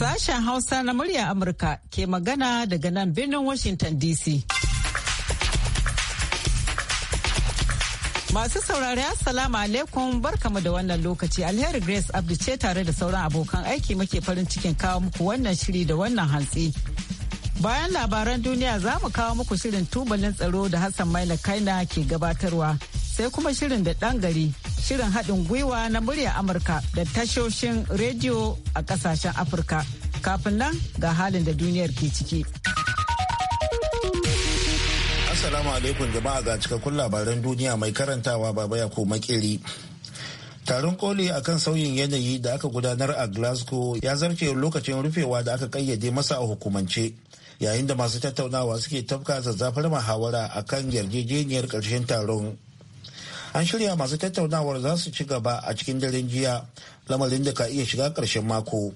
Sashen Hausa na murya Amurka ke magana daga nan birnin Washington DC. Masu saurari Assalamu alaikum barkamu da wannan lokaci alheri Grace Abdu ce tare da sauran abokan aiki muke farin cikin kawo muku wannan shiri da wannan hantsi. Bayan labaran duniya za mu kawo muku shirin tubalin tsaro da Hassan Maina Kaina ke gabatarwa sai kuma shirin da ɗan gari shirin haɗin gwiwa na muryar Amurka da tashoshin rediyo a ƙasashen Afirka. Kafin nan ga halin da duniyar ke ciki. Assalamu alaikum jama'a ga cikakkun labaran duniya mai karantawa baba ya ko makeri. Taron koli akan sauyin yanayi da aka gudanar a Glasgow ya zarce lokacin rufewa da aka kayyade masa a hukumance. Yayin da masu tattaunawa suke tafka zazzafar muhawara kan yarjejeniyar ƙarshen taron. an shirya masu tattaunawar za su ci gaba a cikin daren jiya lamarin da ka iya shiga ƙarshen mako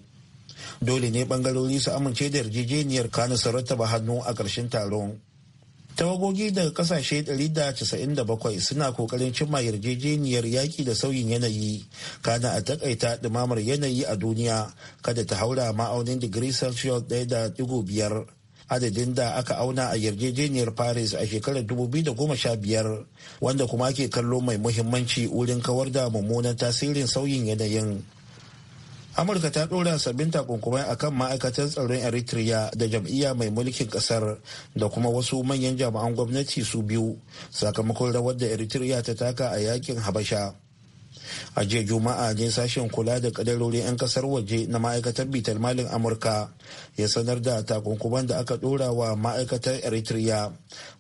dole ne bangarori su amince da yarjejeniyar kanu su ba hannu a ƙarshen taron tawagogi daga kasashe 197 suna kokarin cimma yarjejeniyar yaƙi da sauyin yanayi kana a takaita ɗumamar yanayi a duniya kada ta haura ma'aunin digiri celsius 1.5 adadin da aka auna a yarjejeniyar paris a shekarar 2015 wanda kuma ke kallo mai muhimmanci wurin kawar da mummunan tasirin sauyin yanayin amurka ta ɗora sabbin takunkumai kan ma'aikatan tsaron eritrea da jam'iyya mai mulkin ƙasar da kuma wasu manyan jami'an gwamnati su biyu sakamakon rawar da eritrea ta taka a yakin habasha a jiya juma'a ne sashen kula da kadarorin 'yan kasar waje na ma'aikatar bitar malin amurka ya sanar da takunkuman da aka dora wa ma'aikatar eritrea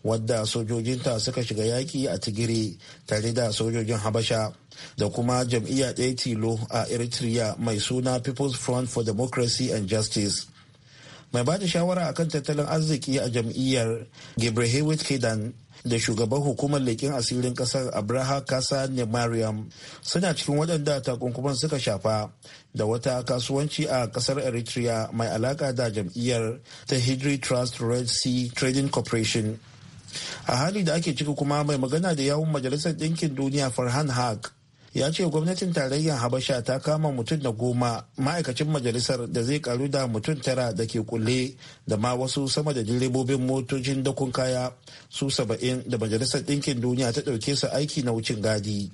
wadda sojojinta suka shiga yaki a tigiri tare da sojojin habasha da kuma jam'iyya ɗaya tilo a eritrea mai suna people's front for democracy and justice mai ba da shawara akan tattalin arziki a jam'iyyar gibrahewit kidan da shugaban hukumar leƙen asirin ƙasar abraha kasa ne mariam suna cikin waɗanda takunkuman suka shafa da wata kasuwanci a ƙasar eritrea mai alaƙa da jam'iyyar ta hidri trust red sea trading corporation a hali da ake ciki kuma mai magana da yawun majalisar ɗinkin duniya farhan haq ya ce gwamnatin tarayyar habasha ta kama mutum da goma ma'aikacin majalisar da zai karu da mutum tara da ke kulle da ma wasu sama da direbobin motocin dakon kaya su saba'in da majalisar ɗinkin duniya ta ɗauke su aiki na wucin gadi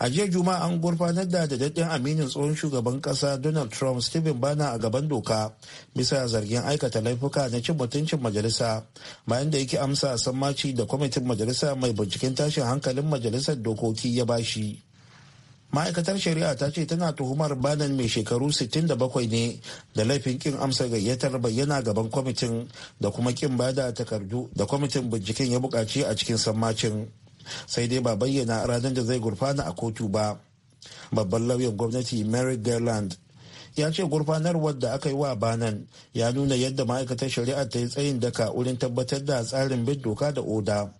a jiya juma'a an gurfanar da dadaddin aminin tsohon shugaban kasa donald trump stephen bana a gaban doka bisa zargin aikata laifuka na cin mutuncin majalisa bayan da yake amsa sammaci da kwamitin majalisa mai binciken tashin hankalin majalisar dokoki ya bashi ma'aikatar shari'a ta ce tana tuhumar banan mai shekaru 67 ne da laifin kin amsa gayyatar bayyana gaban kwamitin da kuma kin bada takardu da kwamitin binciken ya bukaci a cikin sammacin sai dai ba bayyana ranar da zai gurfana a kotu ba babban lauyan gwamnati mary garland ya ce gurfanarwar da aka yi wa banan ya nuna yadda ma'aikatar shari'a ta yi tsayin daka wurin tabbatar da tsarin bin doka da oda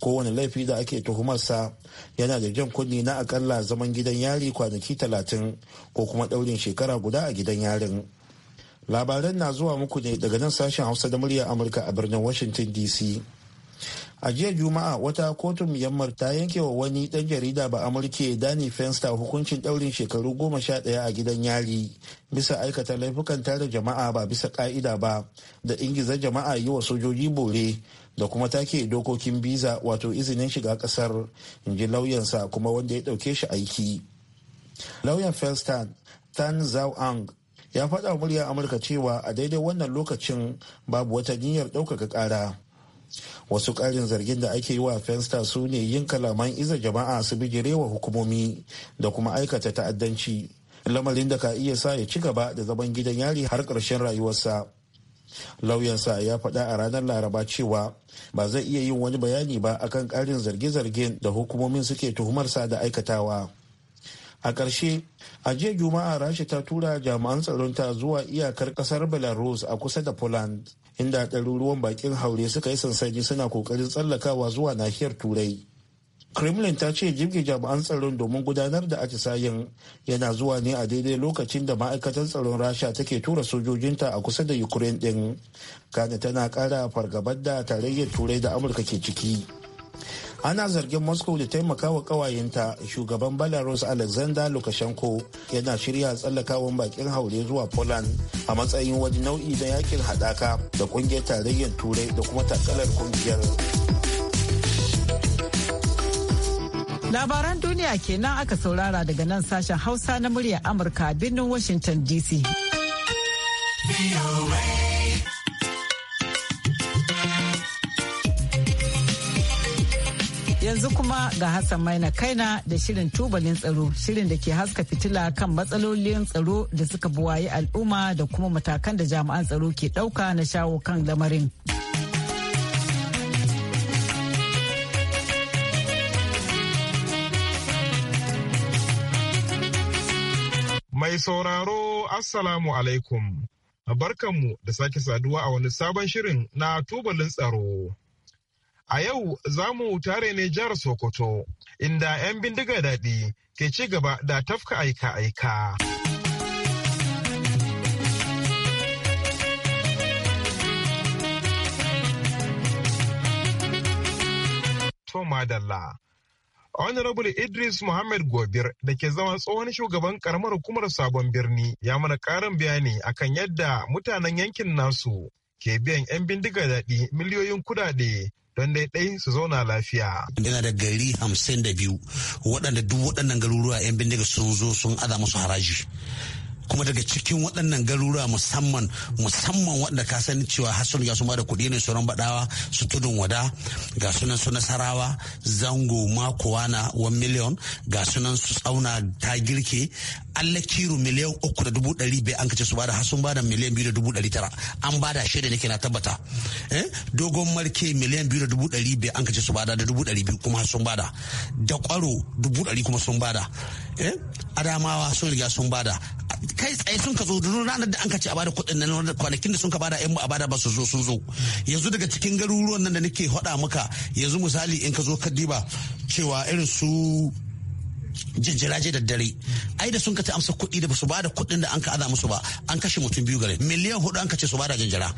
kowane laifi da ake tuhumarsa yana da jan kunni na akalla zaman gidan yari kwanaki talatin ko kuma daurin shekara guda a gidan yarin labaran na zuwa muku ne daga nan sashen hausa da murya amurka a birnin washington dc a jiya juma'a wata kotun myanmar ta yanke wa wani ɗan jarida ba amurke dani fenster hukuncin ɗaurin shekaru goma sha ɗaya a gidan yari bisa aikata laifukan tare jama'a ba bisa ƙa'ida ba da ingiza jama'a yi wa sojoji bore da kuma take dokokin biza wato izinin shiga ƙasar in ji lauyansa kuma wanda ya ɗauke shi aiki lauyan fenster tan zhao ang ya faɗa muryar amurka cewa a daidai wannan lokacin babu wata niyyar ɗaukaka ƙara wasu ƙarin zargin da ake yi wa fensta su ne yin kalaman iza jama'a su wa hukumomi da kuma aikata ta'addanci lamarin da ka iya sa ya ci gaba da zaman gidan yari har ƙarshen rayuwarsa lauyansa ya faɗa a ranar laraba cewa ba zai iya yin wani bayani ba akan ƙarin zarge-zargen da hukumomin suke tuhumarsa da aikatawa a ƙarshe a jiya juma'a rasha ta tura jami'an tsaron ta zuwa iyakar ƙasar belarus a kusa da poland inda ɗaruruwan bakin haure suka yi sansani suna ƙoƙarin tsallakawa zuwa nahiyar turai kremlin ta ce jirgin jami'an tsaron domin gudanar da atisayen yana zuwa ne a daidai lokacin da ma'aikatan tsaron rasha take tura sojojinta a kusa da ukraine din kana tana ƙara fargabar da tarayyar turai da amurka ke ciki ana zargin moscow da taimakawa kawayenta shugaban belarus alexander lukashenko yana shirya tsallakawan bakin haure zuwa poland a matsayin wani nau'i na yakin hadaka da kungiyar tarayyar turai da kuma takalar kungiyar labaran duniya kenan aka saurara daga nan sashen hausa na muryar amurka birnin washington dc Yanzu kuma ga Hassan Maina Kaina da shirin tubalin tsaro, shirin da ke haska fitila kan matsalolin tsaro da suka buwayi al'umma da kuma matakan da jami'an tsaro ke ɗauka na shawo kan lamarin. Mai sauraro, Assalamu alaikum. Barkanmu da sake saduwa a wani sabon shirin na tubalin tsaro. A yau za mu tare ne jihar Sokoto, inda 'yan bindiga daɗi ke ci gaba da tafka aika-aika. Madalla. Honorable Idris Muhammad Gobir da ke zama tsohon shugaban karamar hukumar sabon birni ya mana karin bayani akan yadda mutanen yankin nasu ke biyan 'yan bindiga daɗi miliyoyin kudade don dai su zauna lafiya. Yana da gari hamsin da biyu waɗanda duk waɗannan garuruwa 'yan bindiga sun zo sun aza musu haraji. kuma daga cikin waɗannan garuruwa musamman musamman waɗanda ka sani cewa hasun sun su da kuɗi ne sauran baɗawa su tudun wada ga sunan su nasarawa zango na 1 miliyon ga sunan su tsauna ta girke Allah kiro miliyan uku da dubu ɗari bai an kace su bada da sun bada miliyan biyu da dubu ɗari tara an bada shaida nake na tabbata eh, dogon marke miliyan biyu da dubu ɗari bai an kace su bada da dubu ɗari biyu kuma sun bada da kwaro dubu ɗari kuma sun bada eh, adamawa sun riga sun bada kai tsaye sun ka zo duk ranar da an ka ce a bada kuɗin nan wanda kwanakin da sun ka bada yan mu a bada ba su zo sun zo yanzu daga cikin garuruwan nan da nake hada maka yanzu misali in ka zo ka diba cewa irin su jinjiraje da dare ai da sun ka ci amsa kuɗi da basu bada kuɗin da an ka aza musu ba an kashe mutum biyu gare miliyan hudu an kace su bada jinjira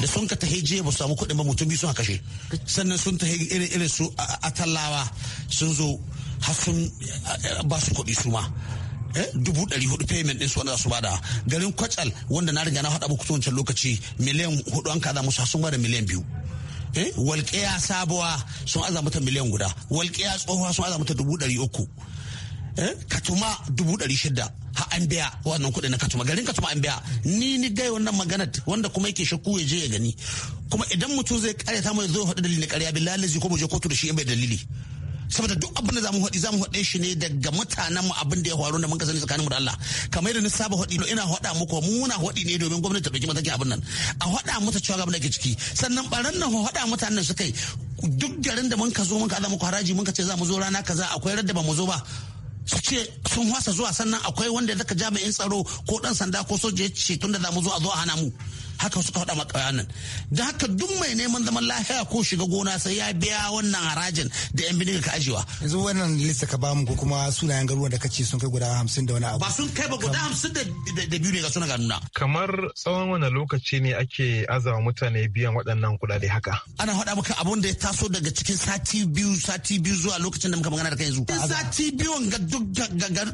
da sun ka tahi jiya basu samu kuɗin ba mutum biyu sun kashe sannan sun tahi irin irin su atallawa sun zo hasun ba su kuɗi su ma dubu ɗari hudu payment ɗin su wanda su bada garin kwacal wanda na riga na faɗa muku wancan lokaci miliyan hudu an kaza musu sun bada miliyan biyu eh, walƙiya sabuwa sun aza mata miliyan guda walƙiya tsohuwa sun aza mata dubu ɗari uku eh, katuma dubu ɗari shida ha an biya wannan kuɗi na katuma garin katuma an biya ni ni gai wannan maganar wanda kuma yake shakku ya je ya gani kuma idan mutum zai karyata mai zo faɗi dalilin karya bi lazi ko mu je kotu da shi in bai dalili saboda duk abin da zamu haɗi zamu haɗe shi ne daga mutanen mu abin da ya faru da mun ka sani tsakaninmu da Allah kamar yadda na saba haɗi ina haɗa muku mu muna haɗi ne domin gwamnati ta ɗauki matakin abin nan a haɗa mata cewa ga da ke ciki sannan baran nan haɗa mutanen nan su kai duk garin da mun ka zo mun ka muku haraji mun ka ce za mu zo rana kaza akwai radda ba mu zo ba su ce sun hwasa zuwa sannan akwai wanda zaka jami'in tsaro ko dan sanda ko soja ya ce tunda za mu zo a zo a hana mu haka suka faɗa maka nan da haka duk mai neman zaman lafiya ko shiga gona sai ya biya wannan harajin da yan bindiga ka ajiyewa yanzu wannan lissa ka bamu ko kuma sunayen garuruwan da kace sun kai guda hamsin da wani abu ba sun kai ba guda hamsin da biyu ne ga suna ga nuna kamar tsawon wani lokaci ne ake azawa mutane biyan waɗannan kuɗaɗe haka ana faɗa maka abun da ya taso daga cikin sati biyu sati biyu zuwa lokacin da muka magana da kai yanzu sati biyu ga duk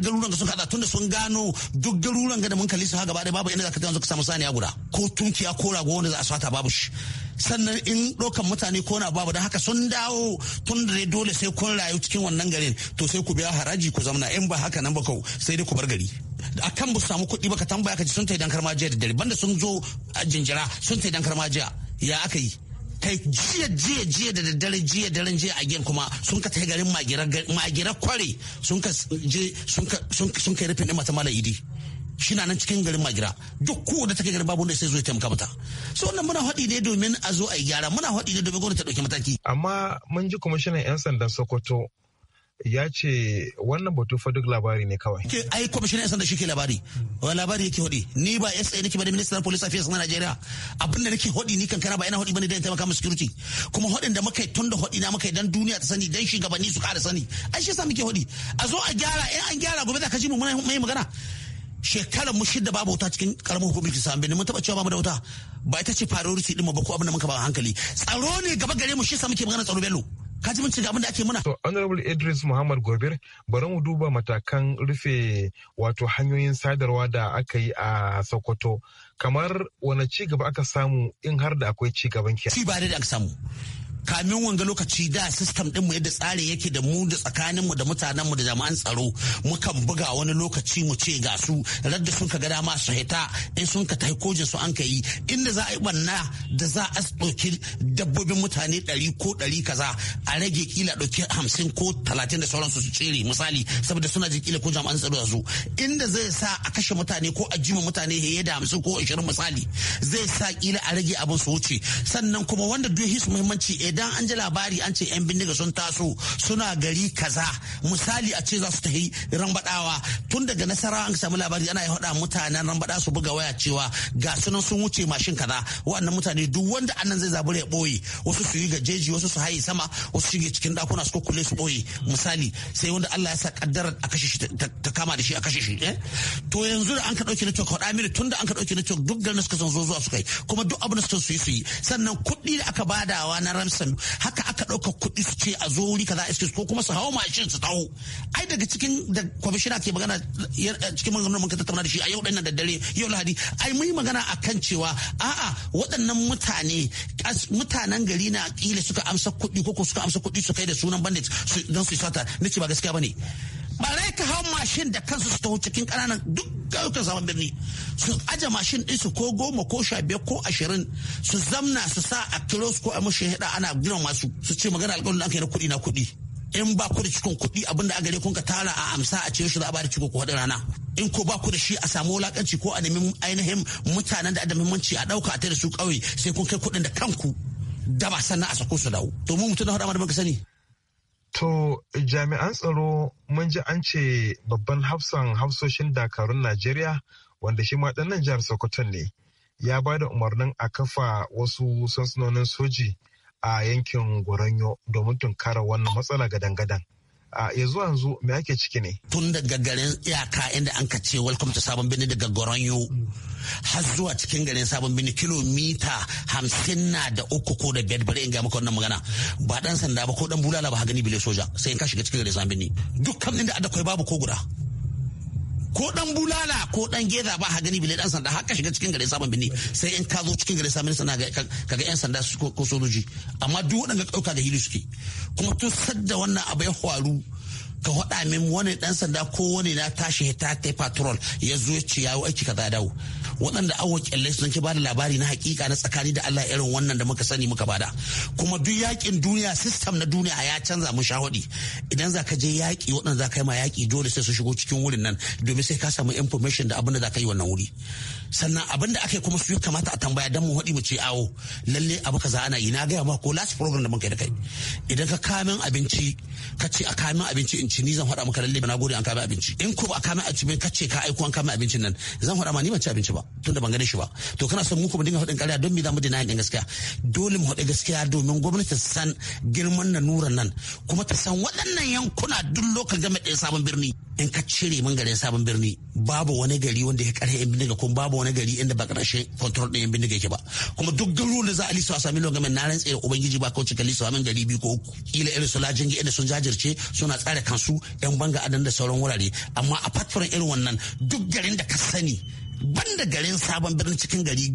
garuruwan ka sun tun da sun gano duk garuruwan ga da mun kalli su ha gaba ɗaya babu inda za ka yanzu ka samu saniya guda ko tun ya kora ga wanda za a sata babu shi sannan in ɗaukan mutane ko na babu don haka sun dawo tun da dole sai kun rayu cikin wannan garin to sai ku biya haraji ku zamna in ba haka nan ba kau sai dai ku bar gari a kan bu samu kuɗi ba ka tambaya ka ji sun taidan karma jiya da dare banda sun zo a jinjira sun taidan karma jiya ya aka yi kai jiya jiya jiya da daddare jiya daren jiya a gen kuma sun ka tai garin magirar kware sun ka je sun ka rufin ɗin mata mala idi shi na nan cikin garin magira duk ko da take garin babu wanda sai zo ya taimaka mata so wannan muna haɗi ne domin a zo a yi gyara muna haɗi ne domin gwamnati ta ɗauki mataki. amma mun ji kwamishinan 'yan sandan sokoto ya ce wannan batu fa duk labari ne kawai. Ke ai kwamishinan yan da shi ke labari. Wa labari yake hodi. Ni ba SA nake ba da ministan police affairs na Najeriya. Abin da nake hodi ni kankana ba ina hodi bane dan taimaka security. Kuma hodin da muka yi tun da hodi na muka yi dan duniya ta sani dan shugabanni su ƙara sani. Ai shi yasa muke hodi. A zo a gyara in an gyara gobe za ka ji mu muna mai magana. shekarar mu shida babu wuta cikin karamar hukumar kisa benin mun taba cewa bamu da wuta ba ita ce priority din mu ba ko abin da muka ba hankali tsaro ne gaba gare mu shi sa muke magana tsaro bello ka ji mun ci gaban da ake muna to honorable Idris Muhammad Gobir bari mu duba matakan rufe wato hanyoyin sadarwa da aka yi a Sokoto kamar wani ci gaba aka samu in har da akwai ci gaban ki ci ba da aka samu kamin wanga lokaci da system din mu yadda tsari yake da mu da tsakanin mu da mutanen mu da jama'an tsaro mukan buga wani lokaci mu ce ga su radda sun ka ga dama su hita in sun ka tai kojin su an ka yi inda za a yi banna da za a ɗauki dabbobin mutane 100 ko 100 kaza a rage kila ɗauki hamsin ko talatin da sauransu su tsere misali saboda suna jin kila ko jama'an tsaro da su inda zai sa a kashe mutane ko a jima mutane heye da hamsin ko ashirin misali zai sa kila a rage abin su wuce sannan kuma wanda duk hisu muhimmanci eh, idan an ji labari an ce 'yan bindiga sun taso suna gari kaza misali a ce za su tafi rambadawa tun daga nasara an samu labari ana yi haɗa mutanen rambada su buga waya cewa ga sunan sun wuce mashin kaza wannan mutane duk wanda annan zai zabi ya ɓoye wasu su yi gajeji wasu su haye sama wasu shige cikin dakuna su kukkule su ɓoye misali sai wanda Allah ya sa kaddarar a kashe shi ta kama da shi a kashe shi eh? to yanzu da an ka ɗauki network haɗa mini tun da an ka ɗauki network duk garin suka san zo zuwa su kai kuma duk abin da suka su yi su yi sannan kuɗi da aka badawa na ramsi sanu haka aka ɗauka kuɗi su ce a zo wuri kaza iske ko kuma su hawo mashin su taho ai daga cikin da kwamishina ke magana cikin maganganun muka tattauna da shi a yau ɗan da dare yau lahadi ai mun yi magana kan cewa a'a waɗannan mutane mutanen gari na kila suka amsa kuɗi ko suka amsa kuɗi su kai da sunan bandit don su sata na ce ba gaskiya ba ne. barai ka hau mashin da kansu su taho cikin kananan duk ƙauyukan zaman birni su aje mashin ɗinsu ko goma ko sha biyar ko ashirin su zamna su sa a kiros ko a mashi hida ana gina masu su ce magana alƙalin da aka yi na kuɗi na kuɗi in ba ku da cikin kuɗi abin da gare kun ka tara a amsa a ce shi za a ba da ciko ko rana in ko ba ku da shi a samu wulakanci ko a nemi ainihin mutanen da da muhimmanci a ɗauka a tare su ƙauye sai kun kai kuɗin da kanku da ba sannan a sako su dawo domin mutum na faɗa ma da ka sani To jami'an tsaro mun ji an ce babban hafsan hafsoshin dakarun Najeriya wanda shi ma ɗannan jihar Sokoto ne ya ba da umarnin a kafa wasu sansunonin soji a yankin Goronyo domin tunkara wannan matsala gadan-gadan. a ya yanzu me ake ciki ne tun da garin iyaka inda an ce welcome to sabon birni daga goronyo har zuwa cikin garin sabon birni kilomita hamsin na da uku ko da biyar bari in ga maka wannan magana ba dan sanda ba ko dan bulala ba ha gani bile soja sai in ka shiga cikin garin sabon birni duk inda adda babu ko guda ko dan bulala ko dan geza ba ha gani bile dan sanda haka shiga cikin gare sabon binni sai in ka zo cikin gare sabon sana kaga yan sanda ko sojoji amma duk waɗanda dauka da hilu suke kuma tun sadda wannan abu ya faru ka hada min wani dan sanda ko wani na tashi ta ta patrol ya zo ya ce yawo aiki kaza dawo waɗanda awo kyalle sun ki bada labari na hakika na tsakani da Allah irin wannan da muka sani muka bada kuma duk yakin duniya system na duniya ya canza mu shahudi idan za ka je yaki waɗanda za ka yi ma yaki dole sai su shigo cikin wurin nan domin sai ka samu information da abin da za ka yi wannan wuri sannan abin da aka kuma su kamata a tambaya dan mu haɗi mu ce awo lalle abu kaza ana yi na gaya ma ko last program da muka yi da kai idan ka kamin abinci ka ce a kamin abinci in abinci ni zan faɗa maka lalle na gode an kama abinci in ko ba a abinci ka ce ka aiko an kama abincin nan zan faɗa ma ni ban ci abinci ba tun da ban gane shi ba to kana son mu kuma dinga faɗin ƙarya don me za mu dena yin gaskiya dole mu faɗi gaskiya domin gwamnati ta san girman na nuran nan kuma ta san waɗannan yankuna duk lokal game ɗaya sabon birni in ka cire man garin sabon birni babu wani gari wanda ya karhe yan bindiga kuma babu wani gari inda ba karshe control ɗin yan bindiga yake ba kuma duk garuruwan da za a lisa a sami lokacin na rantsa ubangiji ba kawai ka lisa min gari biyu ko uku kila irin su lajin inda sun jajirce suna tsara kansu su yan banga adan da sauran wurare amma a fatfuran irin wannan duk garin da ka sani banda garin sabon birnin cikin gari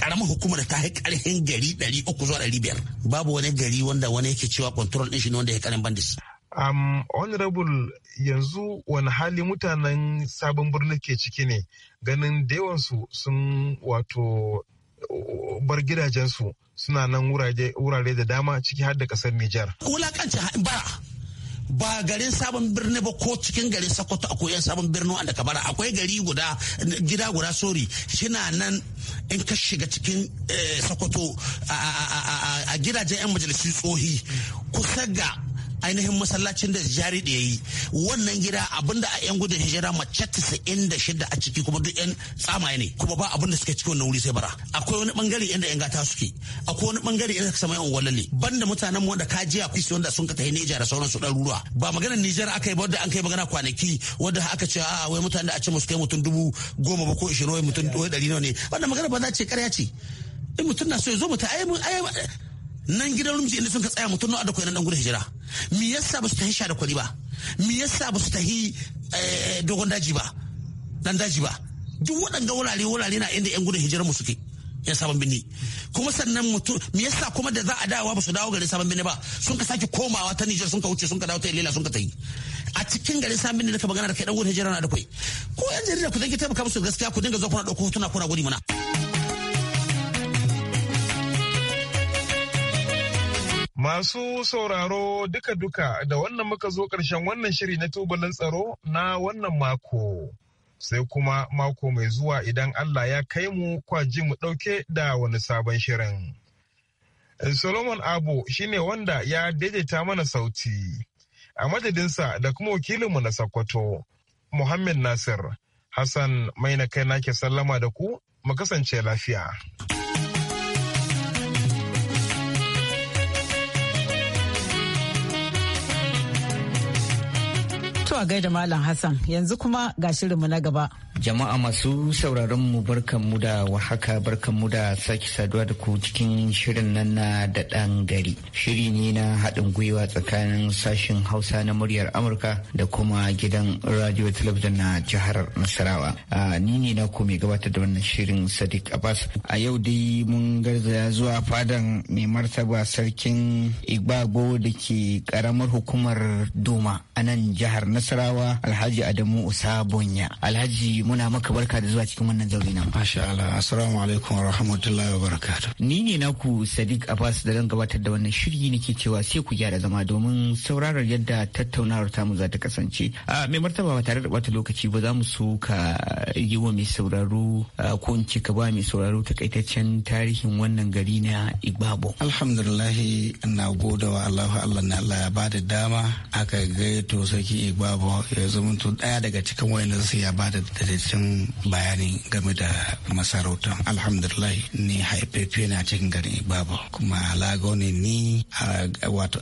karamar hukumar ta yi karhin gari 300 zuwa 500 babu wani gari wanda wani yake cewa control din shi ne wanda ya karin bandis um, honorable yanzu wani hali mutanen sabon birnin ke ciki ne ganin su sun wato bar gidajensu suna nan wurare da dama ciki har da kasar Nijar. Wulakanci ba. ba garin sabon birni ba ko cikin garin sokoto akwai yan sabon birni wanda bara akwai gari guda gida guda sori shina nan in ka shiga cikin eh, sokoto a gidajen yan majalisun tsohi kusa ga ainihin masallacin da jari da yayi wannan gida abinda a yan gudun hijira mace shida a ciki kuma duk yan tsamaye ne kuma ba abinda suke cikin wannan wuri sai bara akwai wani bangare inda yan gata suke akwai wani bangare inda suka sama yan walalle banda mutanen mu wanda kaji a kusa wanda sun ka tafi Nijar da sauransu ɗaruruwa ba maganar Nijar aka yi ba wanda an kai magana kwanaki wanda aka ce a wai mutanen da a ce musu kai mutum dubu goma ba ko ishirin wai mutum dubu ɗari ne wannan magana ba za ce ƙarya ce in mutum na so ya zo mutum ai nan gidan rumji inda sun ka tsaya mutum da adakwai na dan gudun hijira me yasa ba su tahi sha da kwari ba me yasa ba su tahi eh, dogon daji ba dan daji ba duk waɗanga wurare wurare na inda yan gudun hijira mu suke yan sabon birni kuma sannan mutum me yasa kuma da za a dawowa ba su dawo garin sabon birni ba sun ka sake komawa ta Nijar sun ka wuce sun ka dawo ta Ilela sun ka tahi. a cikin garin sabon birni da ka magana da kai dan gudun hijira na da kwai ko yan jarida ku dinga taimaka musu gaskiya ku dinga zo kuna ɗauko hotuna kuna gudi mana Masu sauraro duka-duka da wannan muka zo ƙarshen wannan shiri na tubalin tsaro na wannan mako. Sai kuma mako mai zuwa idan Allah ya kai mu kwaji mu ɗauke da wani sabon shirin. Solomon Abu shine wanda ya daidaita mana sauti. A madadinsa da kuma wakilinmu na Sokoto, Muhammad Nasir, Hassan mai na kai nake sallama da ku, mu kasance lafiya. mutuwa gai gaida Malam Hassan yanzu kuma ga shirinmu na gaba. Jama'a masu sauraron mu barkanmu da warhaka barkanmu da sake saduwa da ku cikin shirin nan na da ɗan gari. Shiri ne na haɗin gwiwa tsakanin sashen Hausa na muryar Amurka da kuma gidan radio talabijin na jihar Nasarawa. Ni ne na mai gabatar da wannan shirin Sadiq Abbas. A yau dai mun garzaya zuwa fadan mai martaba sarkin Igbagbo da ke ƙaramar hukumar Doma a nan jihar Nasarawa. nasarawa alhaji adamu usabunya alhaji muna maka barka da zuwa cikin wannan zauri nan masha Allah assalamu alaikum wa rahmatullahi wa barakatuh ni ne naku sadiq abbas da zan gabatar da wannan shiri nake cewa sai ku gyara zama domin sauraron yadda tattaunawar tamu za ta kasance a mai martaba ba tare da bata lokaci ba za mu so ka yi wa mai sauraro ko in ce ka ba mai sauraro takaitaccen tarihin wannan gari na igbabo alhamdulillah ina godawa Allah Allah na Allah ya bada dama aka gaito sarki igbabo babu ya zama to daya daga cikin wayanda sai ya bada daidaitun bayani game da masarautar alhamdulillah ni haifafe na cikin gari babu kuma alago ne ni wato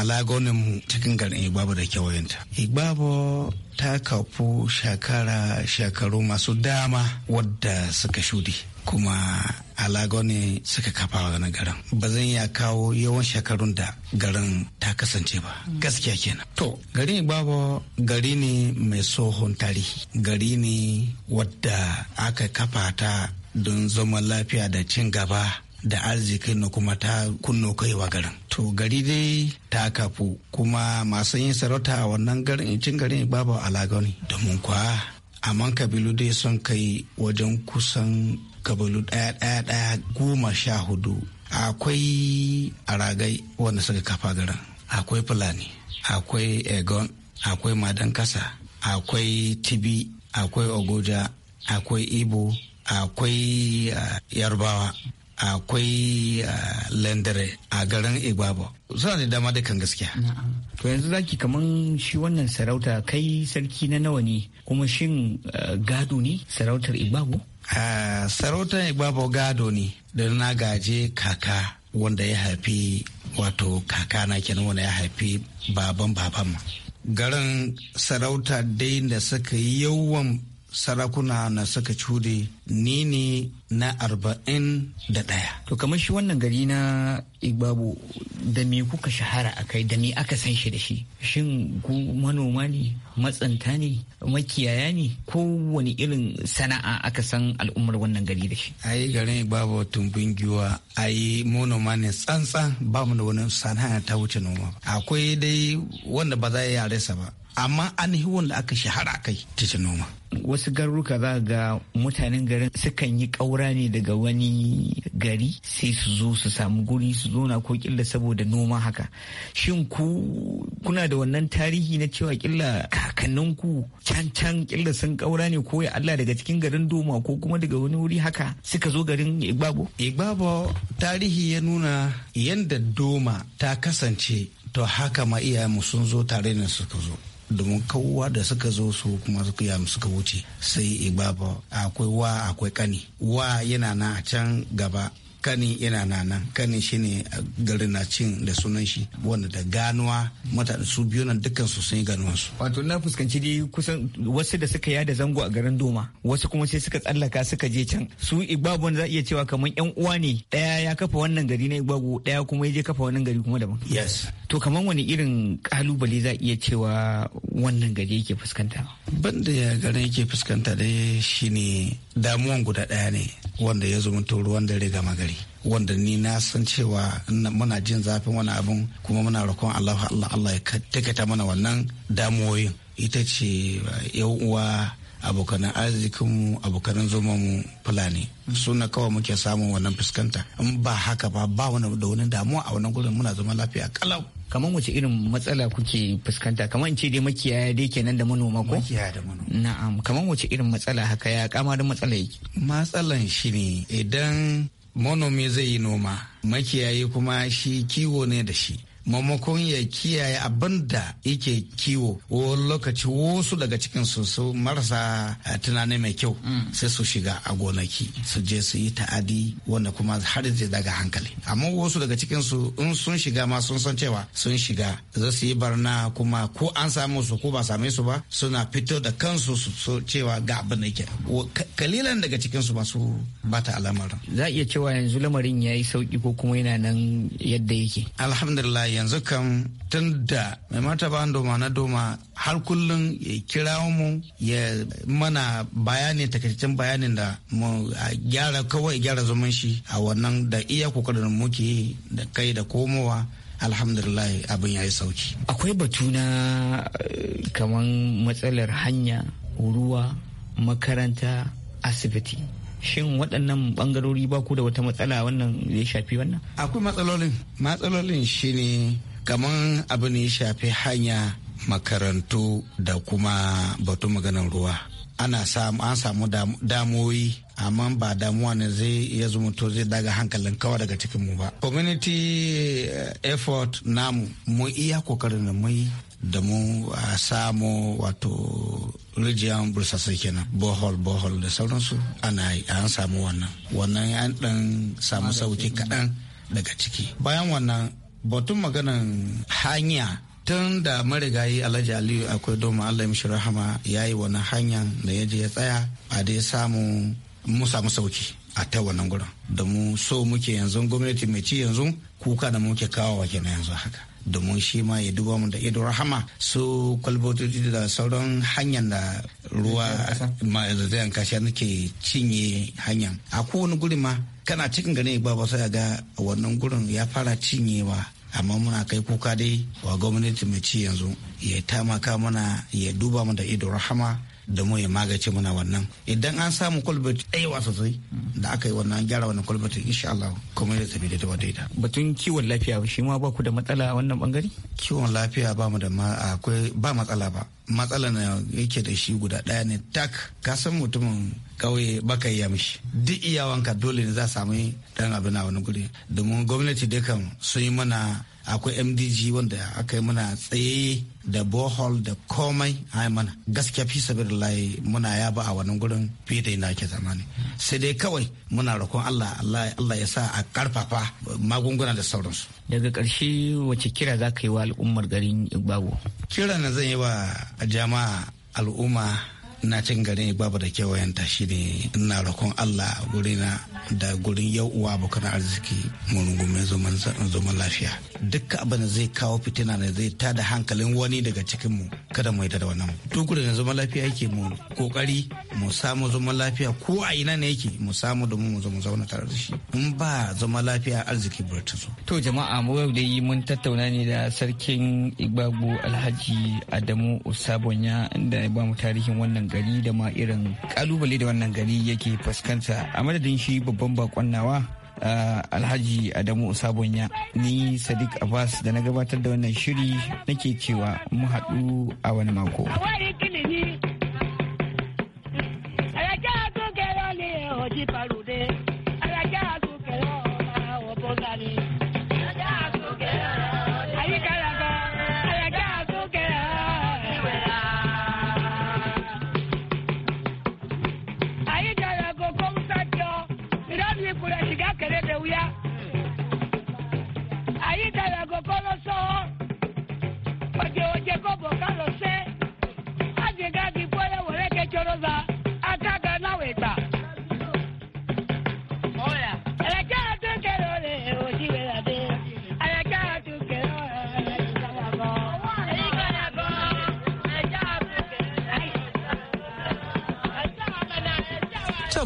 alago mu cikin gari babu da kewayenta eh, babu ta kafu shakara shekaru masu dama wadda suka shudi kuma alago ne suka kafa wa garin ba zan iya kawo yawan shekarun da garin ta kasance ba gaskiya kenan to gari babu gari ne mai tsohon tarihi gari ne wadda aka kafa ta don zama lafiya da cin gaba da arziki na kuma ta kunno kaiwa garin to gari dai ta kafu kuma masu yin sarauta a wannan garin cin garin babu ne. domin kwa man kabilu dai sun kai wajen kusan kabilu ɗaya ɗaya ɗaya goma sha hudu akwai aragai wanda suka kafa garin akwai fulani akwai egon akwai madan kasa akwai tibi akwai ogoja akwai ibo akwai eh, yarbawa akwai eh, lendere a garin igbabo suna da dama dukan gaskiya to yanzu zaki kaman shi wannan sarauta kai sarki na nawa ne kuma shin eh, gado ne sarautar igbabo eh, sarautar igbabo gado ne da na gaje kaka wanda ya haifi wato kaka na kenan wanda ya haifi baban baban garin sarauta dai da suka yi yawan sarakuna na saka cure ni ne na arba'in da ɗaya. To kamar shi wannan gari na Igbabu da me kuka shahara a kai da me aka san shi da shi? Shin ku manoma ne, matsanta ne, makiyaya ne, ko wani irin sana'a aka san al'ummar wannan gari da shi? Ai garin Igbabu tumbin giwa ayi manoma ne tsantsan ba mu da wani sana'a ta wuce noma. Akwai dai wanda ba za a yi ba. amma ainihin da aka shahara kai tijin noma wasu garuruka za ga mutanen garin sukan yi ƙaura ne daga wani gari sai su zo su samu guri su zona ko ƙilla saboda noma haka shin ku kuna da wannan tarihi na cewa killa kakanninku can can killa sun ƙaura ne ko ya Allah daga cikin garin doma ko kuma daga wani wuri haka suka zo garin igbabo igbabo tarihi ya nuna yanda doma ta kasance to haka ma iyayenmu sun zo tare ne suka zo domin kowa da suka zo su kuma suka ya suka wuce sai igbaba akwai wa akwai kani wa yana na a can gaba kanin yana nan kanin shine uh, garin na cin da sunan shi wanda da ganuwa mutane su biyu nan dukkan su sun yi ganuwan su wato na fuskanci dai kusan wasu da suka yada zango a garin doma wasu kuma sai suka tsallaka suka je can su igbabu za iya cewa kamar yan uwa ne daya ya kafa wannan gari na igbabu daya kuma ya je kafa wannan gari kuma daban yes to kamar wani irin kalubale za iya cewa wannan gari yake fuskanta banda ya garin yake fuskanta dai shine damuwan guda daya ne wanda ya zumunta ruwan dare gama gari wanda ni na san cewa muna jin zafin wani abin kuma muna roƙon Allah Allah Allah ya takaita mana wannan damuwoyin ita ce eh, yan uwa abokanan arzikinmu zuma mu fulani suna kawai muke samun wannan fuskanta in ba haka ba ba wani da wani damuwa a wannan gurin muna zama lafiya kalau kamar wace irin matsala kuke fuskanta kamar ce dai makiyaya dai kenan da manoma ko makiyaya da manoma na'am kamar wace irin matsala haka ya kamarin matsala yake matsalan shi ne idan manomi zai yi noma makiyayi kuma shi kiwo ne da shi Mamakon ya kiyaye abin da yake kiwo wani lokaci wasu daga cikin su marasa eh, tunani mai kyau mm. sai su shiga a gonaki su je su yi ta'adi wanda kuma har zai daga hankali amma wasu daga cikin su in sun shiga ma sun san cewa sun shiga za su yi barna kuma ko an samu su ko ba same su ba suna fito da kansu su cewa ga abin da yake kalilan daga cikin su masu bata alamar za a iya cewa yanzu lamarin ya yi sauki ko kuma yana nan yadda yake alhamdulillah yanzu kam tun da mai martaba doma na doma har kullum ya kira mu ya mana bayani takaitaccen bayanin da mu gyara kawai gyara zaman a wannan da iya kokarin muke da kai da komowa alhamdulillah abin ya yi sauki akwai batu na eh, kaman matsalar hanya ruwa makaranta asibiti shin waɗannan bangarori ba ku da wata matsala wannan ya shafi wannan akwai matsalolin matsalolin shine kamar abin ya shafi hanya makarantu da kuma batun maganar ruwa ana samu an samu damoyi amma ba damuwa ne zai iya zumunto zai daga hankalin kawai daga cikin mu ba community eh, effort namu mu iya kokarin da mu da mu a samu wato rijiyan bursasa kenan bohol bohol da sauransu ana an samu wannan wannan an dan samu sauki kaɗan daga ciki bayan wannan batun maganan hanya tun da marigayi alhaji aliyu akwai doma allah mishi rahama ya yi wani hanyar da ya je ya tsaya a dai samu mu samu sauki a ta wannan gurin da mu so muke yanzu gwamnati mai ci yanzu kuka da muke kawo wake kenan yanzu haka domin shi ma ya duba mu da ido rahama su kwalbatoci da sauran hanyar da ruwa zai kasha nake cinye hanyar. a kowane guri ma kana cikin ganin ba ba sai ga wannan gurin ya fara cinyewa amma muna kai kuka dai wa gwamnati mai ci yanzu ya tamaka mana ya duba mu da ido rahama da mu ya magance muna wannan idan an samu kwalbati ɗayawa sosai da aka yi wannan gyara wannan kwalbati insha Allah kuma da tafi da daida batun kiwon lafiya shi ma ba ku da matsala a wannan bangare kiwon lafiya ba mu da ma akwai ba matsala ba matsala na yake da shi guda ɗaya ne tak ka san mutumin kauye baka yi mishi duk iyawanka dole ne za samu dan abin a wani guri domin gwamnati dukan sun yi mana akwai mdg wanda aka yi mana tsaye da bohol da komai ai mana gaskiya fi sabilillahi muna ya ba a wannan gurin fiye da ina ke zamani sai dai kawai muna roƙon Allah Allah ya sa a karfafa magunguna da sauransu daga ƙarshe wace kira za ka yi wa al'ummar garin Igbago kira na zan yi wa jama'a al'umma na cin garin babu da kewayenta ne ina roƙon Allah gurina da gurin yau uwa abokan arziki mu rungume lafiya dukkan abin da zai kawo fitina ne zai ta da hankalin wani daga cikin mu kada mu yadda da wannan duk da zaman lafiya yake mu kokari mu samu zaman lafiya ko a ina ne yake mu samu domin mu zama zauna tare da shi in ba zaman lafiya arziki zo to jama'a mu yau dai mun tattauna ne da sarkin igbagbo alhaji adamu usabonya inda ya ba mu tarihin wannan gari da ma irin kalubale da wannan gari yake fuskanta a madadin shi babban bakon nawa alhaji adamu sabonya ni sadiq abbas da na gabatar da wannan shiri nake cewa mu haɗu a wani mako